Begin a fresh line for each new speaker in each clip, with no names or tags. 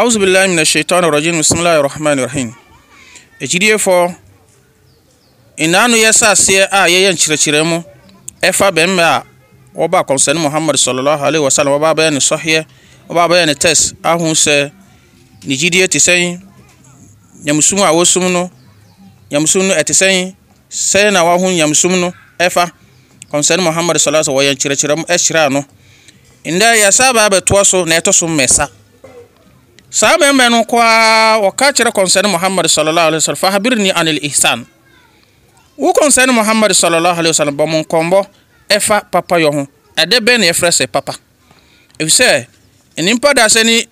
awusubilayi mina shaitan rajin bisimilayi rahman rahim ekyidie fo nnaanu yɛ saaseɛ a yɛyɛ nkyerɛkyerɛ mu ɛfa bɛmma a wɔba akɔmsɛne muhammad sallallahu alaihi wasallam wɔba abɛyɛ ne sɔheɛ wɔba abɛyɛ ne test ahu sɛ ne gyidie te sɛn nyamusum a wɔsum no nyamusum no ɛte sɛn sɛn na wɔahu nyamusum no ɛfa kɔmsɛne muhammad sallallahu alaihi wasallam wɔyɛ nkyerɛkyerɛ mu ɛkyerɛ ano ndɛ yɛsa baa bɛtoa so na ɛtɔ so mmɛsa saa bɛrima no koraa wɔka kyerɛ kɔnsɛne muhammad sallallahu alaihi wasallam fa habirni anil ihsan wo kɔnsɛne muhammad sallallahu alaihi wasallam bɔ mo nkɔmbɔ ɛfa papa yɔ ho ɛdɛ bɛn na yɛfrɛ sɛ papa efisɛ nnipa da sɛ ni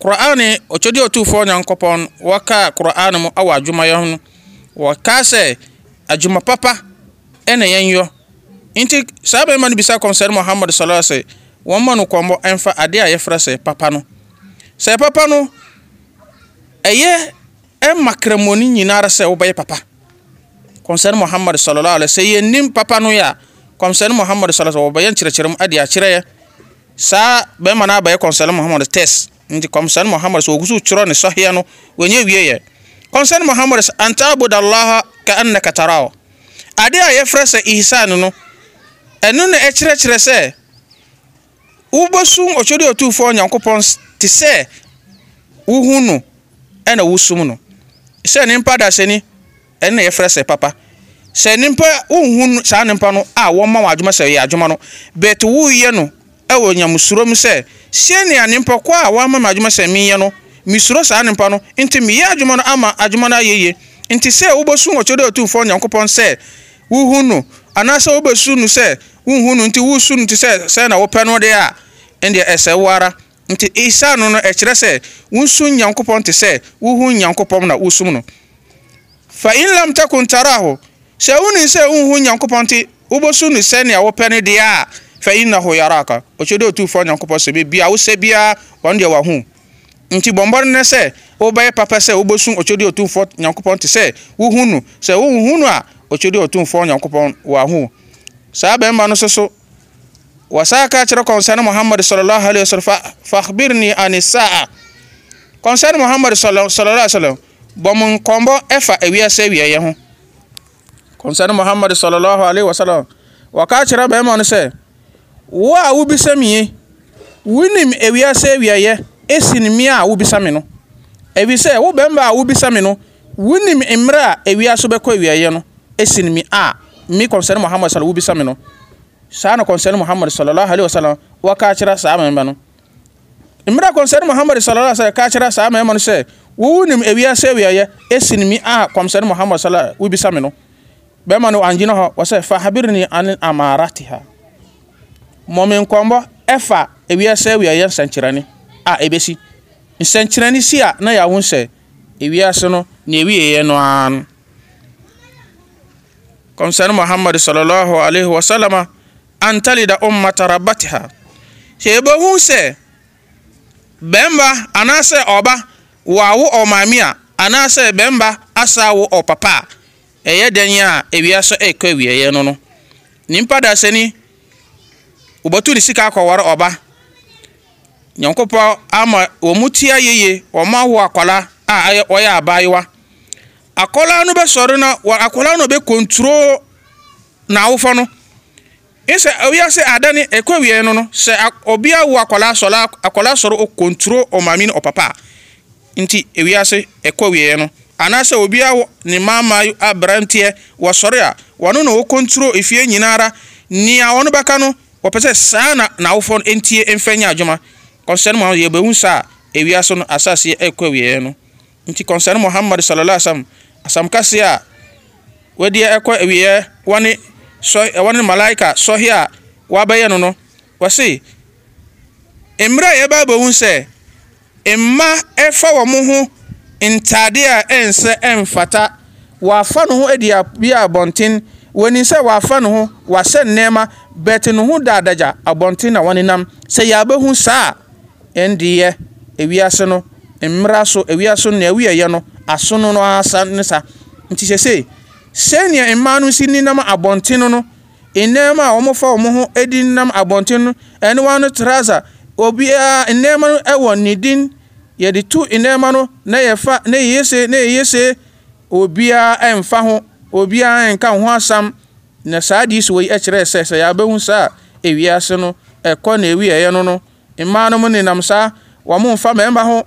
kur'ani ɔkyɛde ɔtufoɔ nyankopɔn wɔka kur'ani mu awɔ adwumayɛ ho no wɔka sɛ adwuma papa ɛna yɛn yɔ nti saa bɛrima no bisa kɔnsɛne muhammad sallallahu alaihi wasallam wɔn mma no kɔmbɔ ɛmfa adeɛ a yɛfrɛ sɛ papa no sɛ papa no ɛyɛ ɛma kramoni nyinara sɛ wobɛyɛ papa kɔmsɛne muhammad sallallahu alaihi sɛ yɛnim papa no yɛ a kɔmsɛne muhammad sallallahu alaihi wɔbɛyɛ nkyerɛkyerɛ mu ade akyerɛ saa bɛrima no abɛyɛ kɔmsɛne muhammad test nti kɔmsɛne muhammad sɛ wɔgu so twerɛ ne sɔheɛ no wɔnyɛ wieyɛ kɔmsɛne muhammad sɛ antabudallaha ka annaka tarao ade a yɛfrɛ sɛ ihsan no ɛno na ɛkyerɛkyerɛ sɛ wobɛsum ɔkyɛdeɛ ɔtumfoɔ nyankopɔn te sɛ wohu no ɛna wosum no sɛ nimpa dasani ɛne na yɛfrɛ sɛ papa sɛ nimpa wohu saa nimpa no a wɔma wɔn adwuma sɛ ɛyɛ adwuma no bet woyɛ no ɛwɔ nyamusuro mu sɛ sɛnea nimpa kɔ a wɔama me adwuma sɛ meyɛ no mesuro saa nimpa no nti meyɛ adwuma no ama adwuma no ayɛ yie nti sɛ wobɛsu ɔkyɛdeɛ ɔtumfoɔ nyankopɔn sɛ wohu no anaasɛ wobɛsu no sɛ wohu no nti wosu no nti sɛ sɛ na wopɛ no deɛ a ɛndeɛ ɛsɛ e wo ara nti isa no no ɛkyerɛ e sɛ wonsu nyankopɔn te sɛ wohu nyankopɔn na wosum no fa in lam takun tarahu sɛ wonim sɛ wonhu nyankopɔn te wobɛsu no sɛnea wopɛ no deɛ a fa innahu yaraka ɔkyerɛ dɛ ɔtufoɔ nyankopɔn sɛ bebia wosɛ biara wɔn deɛ wahu nti bɔmbɔre ne sɛ wobɛyɛ papa sɛ wobɛsu ɔkyerɛ dɛ ɔtumfoɔ nyankopɔn te sɛ wohu no sɛ wohu no a ɔkyerɛ dɛ ɔtumfoɔ nyankopɔn wahu saa bɛrima no so so wasaka kyerɛ kɔnsɛne muhammad sallallahu alaihi wasallam fakhbirni ani saa kɔnsɛne muhammad sallallahu alaihi wasallam bɔmu nkɔmbɔ ɛfa ewiase wiɛyɛ ho kɔnsɛne muhammad sallallahu alaihi wasallam waka kyerɛ bɛrima no sɛ wo a wobisa mie wonim ewiase wiɛyɛ esi ne mie a wobisa me no ebi sɛ wo bɛrima a wobisa me no wonim mmerɛ a ewiase bɛkɔ wiɛyɛ no esi mi a mi kɔnsɛne muhammad sallallahu alaihi wasallam wobisa me no saa na kɔnsɛn muhammad sallallahu alaihi wasallam wa kaa kyerɛ saa mɛma no mmerɛ kɔnsɛn muhammad sallallahu alaihi wasallam kaa kyerɛ saa mɛma no sɛ wowu nim awia sɛ awiayɛ ɛsi ne mi a kɔnsɛn muhammad sallallahu wobisa me no bɛma no angyina hɔ wɔ sɛ fa habirni an amaratiha mɔme nkɔmbɔ ɛfa awia sɛ awiayɛ nsɛnkyerɛne a ɛbɛsi nsɛnkyerɛne si a na yɛaho sɛ ewiase no na ewieɛ no ara no kɔmsɛne sallallahu alaihi wasallama an talida ummata rabbatiha sebe hu sɛ bɛmba anaasɛ ɔba wawo ɔmaame a anaasɛ bɛmba asa wo ɔpapa a ɛyɛ dɛn a ewia so ɛkɔ e awieɛ no no nimpa da sɛ ni wɔbɛtu ne sika akɔware ɔba nyankopɔn ama wɔn mu tia yeye wɔn awo akwala a ayɛ ɔyɛ abaayewa akwala no bɛsɔre na akwadaa no bɛ konturo n'awofo no nsɛ wiase ada ne ɛkɔ wie no no sɛ ɔbea wo akwadaa sɔrɔ sɔrɔ ne nti wiase ɛkɔ wie no anaasɛ obia wo ne maama aberanteɛ a wɔno na wɔkɔnturo efie nyinara nea wɔn bɛka no wɔpɛ sɛ saa na n'awofoɔ no ntie mfɛ nyɛ adwuma kɔnsɛn mu yɛ bɛhu saa ewiase no asase ɛkɔ no nti kɔnsɛn muhammad sallallahu alaihi wa sallam a ɛkɔ wɔne. ɛwɔ ne malaika sɔhe a wabɛyɛ no no wɔse mmerɛ a yɛba abɛhu sɛ mma ɛfa wɔn ho ntadeɛ a ɛnsɛ ɛmfata wafa ne ho adi bi abɔnten wɔni sɛ wafa ne ho wasɛ nneɛma bɛte ne ho da adagya abɔnten na wɔnenam sɛ yɛabɛhu saa ɛndeɛ ewiase no mmerɛ so ewiase no nea ɛwiyɛyɛ no aso no no asa ne sa nti sɛnea mmaa no si nenam abɔnten no nneɛma a wɔfa wɔn ho adi nam abɔnten no ɛne wɔn ano trouser obiara nneɛma no wɔ ne din yɛde tu nneɛma no na yɛfa na yɛyɛ se na yɛyɛ se obiara mfa ho obiara nka ho asam na saa de so yi kyerɛ sɛ sɛ yɛabɛhu saa ewiase no ɛkɔ na ewi ɛyɛ no no mmaa no nenam saa wɔn mfa mmarima ho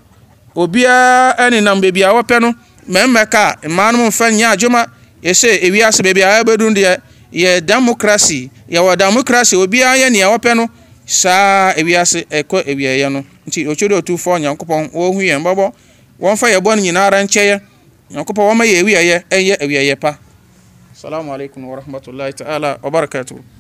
obiara nenam beebi a wɔpɛ no mmarima ka mmaa no mfa nyɛ adwuma yɛsɛ ewiase baabi a yɛbɛdum deɛ yɛ democracy yɛwɔ democracy obiara yɛ nea wɔpɛ no saa ewiase ɛkɔ ewiɛyɛ no nti otwi de otufoɔ nyankopɔn wɔhu yɛn bɔbɔ wɔmfa yɛbɔ no nyinaara nkyɛyɛ nyankopɔn wɔma yɛ ewiɛyɛ ɛyɛ ewiɛyɛ pa salamu alaikum warahmatullahi ta'ala wa wabarakatuhu